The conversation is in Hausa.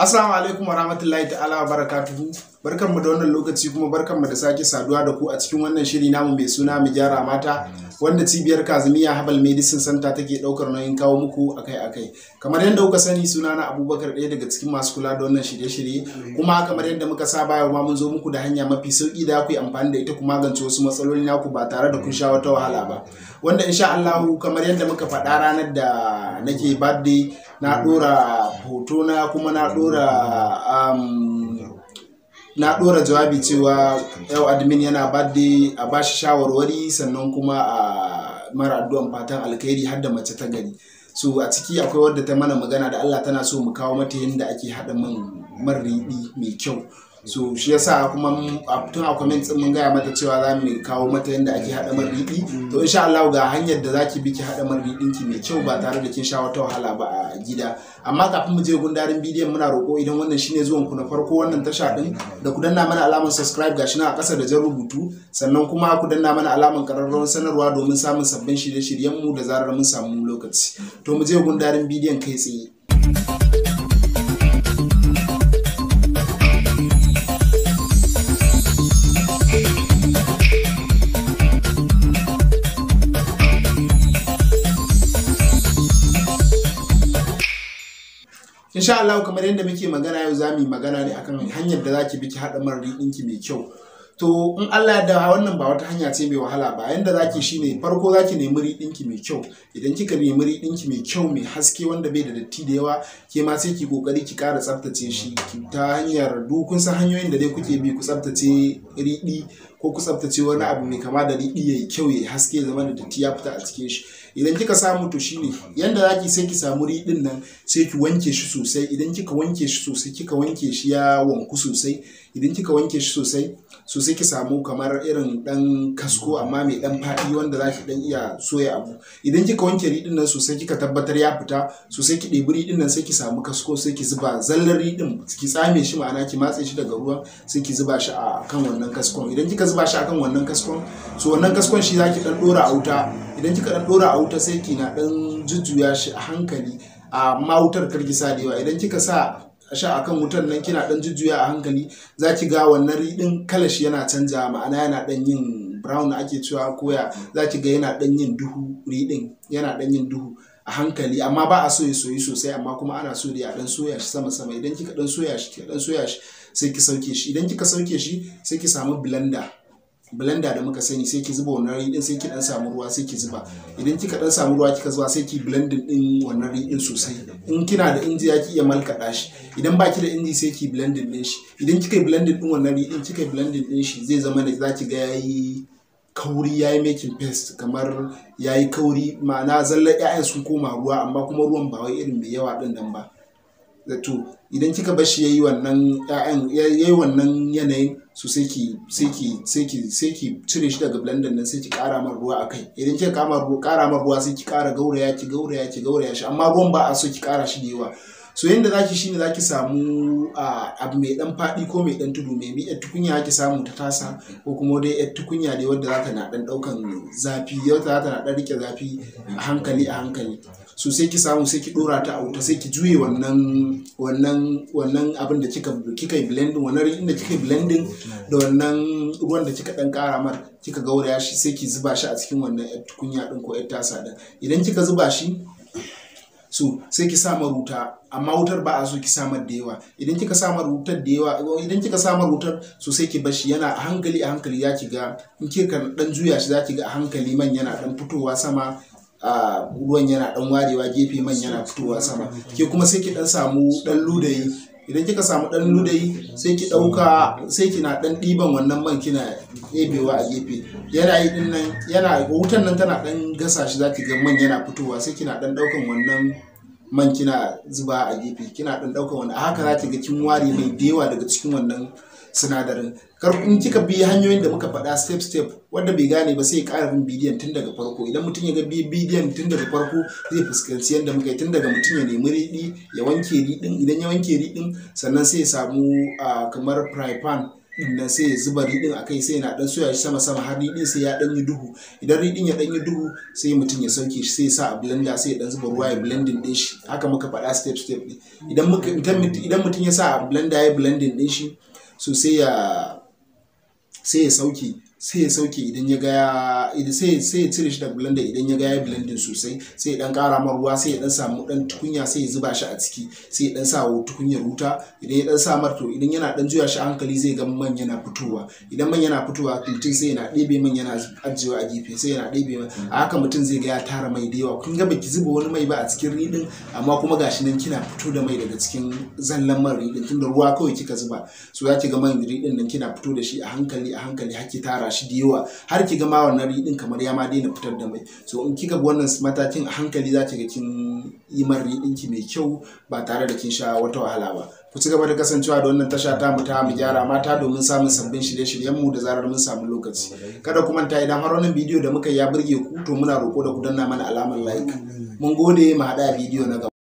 Assalamu alaikum wa rahmatullahi ta'ala wa barakatuhu. mu da wannan lokaci kuma barkan mu da sake saduwa da ku a cikin wannan shiri namu mai suna mu gyara mata. wanda cibiyar Kazimiya Habal Medicine Center take daukar nauyin kawo muku akai-akai. Kamar yadda kuka sani suna na Abubakar ɗaya daga cikin masu kula da wannan shirye-shirye kuma kamar yadda muka saba yau ma mun zo muku da hanya mafi sauki da ku amfani da ita ku magance wasu matsaloli naku ba tare da kun sha wata wahala ba. Wanda insha Allah kamar yadda muka faɗa ranar da nake birthday na dora hoto na kuma na dora um, na ɗora jawabi cewa yau admin yana badde a bashi shawarwari sannan kuma a mara addu'an fatan alkhairi har da mace ta gani so a ciki akwai wadda ta mana magana da Allah tana so mu kawo mata yadda ake haɗa man mai kyau so shi yasa kuma tun a kwamitin din mun gaya mata cewa za mu kawo mata yadda ake haɗa marbiɗi to insha Allah ga hanyar da zaki bi ki hada marbiɗin ki mai kyau ba tare da kin sha wata wahala ba a gida amma kafin mu je gundarin bidiyon muna roƙo idan wannan shine zuwan ku na farko wannan tasha din da ku danna mana alamar subscribe gashi nan a ƙasa da jan rubutu sannan kuma ku danna mana alamar ƙararrawar sanarwa domin samun sabbin shirye-shiryen mu da zarar mun samu lokaci to mu je gundarin bidiyon kai tsaye insha Allah kamar yadda muke magana yau zamu yi magana ne akan hanyar da zaki bi ki haɗa marri dinki mai kyau to in Allah ya dawo wannan ba wata hanya ce mai wahala ba yanda zaki shine farko zaki nemi dinki mai kyau idan kika nemi dinki mai kyau mai haske wanda bai da datti da yawa ke ma sai ki kokari ki kara tsaftace shi ta hanyar dukun san hanyoyin da dai kuke bi ku tsaftace riɗi ko ku tsaftace wani abu mai kama da riɗi yayi kyau yayi haske zama da datti ya fita a cikin shi idan kika samu to shine yanda zaki sai ki samu riɗin nan sai ki wanke shi sosai idan kika wanke shi sosai kika wanke shi ya wanku sosai idan kika wanke shi sosai sosai ki samu kamar irin dan kasko amma mai dan faɗi wanda zaki dan iya soya abu idan kika wanke riɗin nan sosai kika tabbatar ya fita sosai ki ɗebi riɗin nan sai ki samu kasko sai ki zuba zallar riɗin ki tsame shi ma'ana ki matse shi daga ruwa sai ki zuba shi a kan wannan kaskon idan kika zuba shi a kan wannan kaskon so wannan kaskon shi zaki dan dora a wuta idan kika dan dora a wuta sai kina dan jujjuya shi a hankali ma wutar karkisa da yawa idan kika sa sha akan wutar nan kina dan jujjuya a hankali za ki ga wannan riɗin kalash yana canja ma'ana yana dan yin brown ake cewa koya za ki ga yana dan yin duhu riɗin yana dan yin duhu a hankali amma ba a so ya soyi sosai amma kuma ana so da ya dan soya shi sama sama idan kika dan soya shi ki dan soya shi sai ki sauke shi idan kika sauke shi sai ki samu blender blender da muka sani sai ki zuba wannan riɗin sai ki dan samu ruwa sai ki zuba idan kika dan samu ruwa kika zuba sai ki blending din wannan riɗin sosai in kina da inji ya ki iya malkaɗa shi idan baki da inji sai ki blending din shi idan kika yi blending din wannan riɗin kika yi blending din shi zai zama da zaki ga yayi kauri yayi making paste kamar yayi kauri ma'ana zallar 'ya'yan sun koma ruwa amma kuma ruwan ba wai irin mai yawa din nan ba zato idan kika bar shi yayi wannan wannan yanayin su sai ki sai ki sai ki sai ki cire shi daga blender nan sai ki kara mar ruwa akai idan kika kama ruwa kara mar ruwa sai ki kara gauraya ki gauraya ki gauraya shi amma ruwan ba a so ki kara shi da yawa so yanda zaki shine zaki samu abu mai dan fadi ko mai dan tudu mai miyar tukunya ki samu ta tasa ko kuma dai yar tukunya dai wadda zata na dan daukan zafi yau ta zata na dan rike zafi a hankali a hankali su sai ki samu sai ki dora ta a wuta sai ki juye wannan wannan wannan abin da kika kika yi blending wannan rin da kika yi blending da wannan ruwan da kika dan kara mar kika gauraya shi sai ki zuba shi a cikin wannan tukunya din ko yar tasa din idan kika zuba shi su sai ki sa maruta amma wutar ba a so ki samar da yawa idan kika samar wutar da yawa idan kika samar wutar so sai ki bar shi yana a hankali a hankali ya ki ga in kika dan juya shi za ki ga a hankali man yana dan fitowa sama A ruwan yana dan warewa gefe man yana fitowa sama ke kuma sai ki dan samu dan ludayi idan kika samu dan ludayi sai ki dauka sai kina dan diban wannan man kina ɗebewa a gefe yana yi din nan yana wutan nan tana dan gasa shi zaki ga man yana fitowa sai kina dan daukan wannan man kina zuba a gefe kina dan daukan wannan haka zaki ga kin ware mai dewa daga cikin wannan sinadarin kar in kika bi hanyoyin da muka faɗa step step wanda bai gane ba sai ya ƙara bin bidiyon tun daga farko idan mutum ya ga bidiyon tun daga farko zai fuskanci yadda muka yi tun daga mutum ya nemi riɗi ya wanke riɗin idan ya wanke riɗin sannan sai ya samu kamar fry pan sai ya zuba riɗin a kai sai yana ɗan soya shi sama sama har riɗin sai ya ɗan yi duhu idan riɗin ya ɗan yi duhu sai mutum ya sauke shi sai ya sa a blender sai ya ɗan zuba ruwa ya blending ɗin shi haka muka faɗa step step ɗin idan mutum ya sa a blender ya blending ɗin shi so sai ya sai ya sauki sai ya sauke idan ya ga sai sai ya cire shi da blender idan ya ga ya blendin sosai sai ya dan kara mar ruwa sai ya dan samu dan tukunya sai ya zuba shi a ciki sai ya dan sa tukunyar wuta idan ya dan sa mar to idan yana dan juya shi a hankali zai ga man yana fitowa idan man yana fitowa mutum sai yana ɗebe man yana ajiyewa a gefe sai yana ɗebe a haka mutum zai ga ya tara mai da yawa kun ga baki zuba wani mai ba a cikin ridin amma kuma gashi nan kina fito da mai daga cikin zallan man ridin tunda ruwa kawai kika zuba so ya ki ga man ridin nan kina fito da shi a hankali a hankali har ki tara shi da yawa har ki ga ma wannan riɗin kamar ya ma daina fitar da mai so in kika bi wannan matakin a hankali za ki ga kin yi man riɗin ki mai kyau ba tare da kin sha wata wahala ba ku ci gaba da kasancewa da wannan tasha ta mu ta mu gyara mata domin samun sabbin shirye-shiryen mu da zarar mun samu lokaci kada ku manta idan har wannan bidiyo da muka ya burge ku to muna roko da ku danna mana alamar like mun gode mu haɗa bidiyo na gaba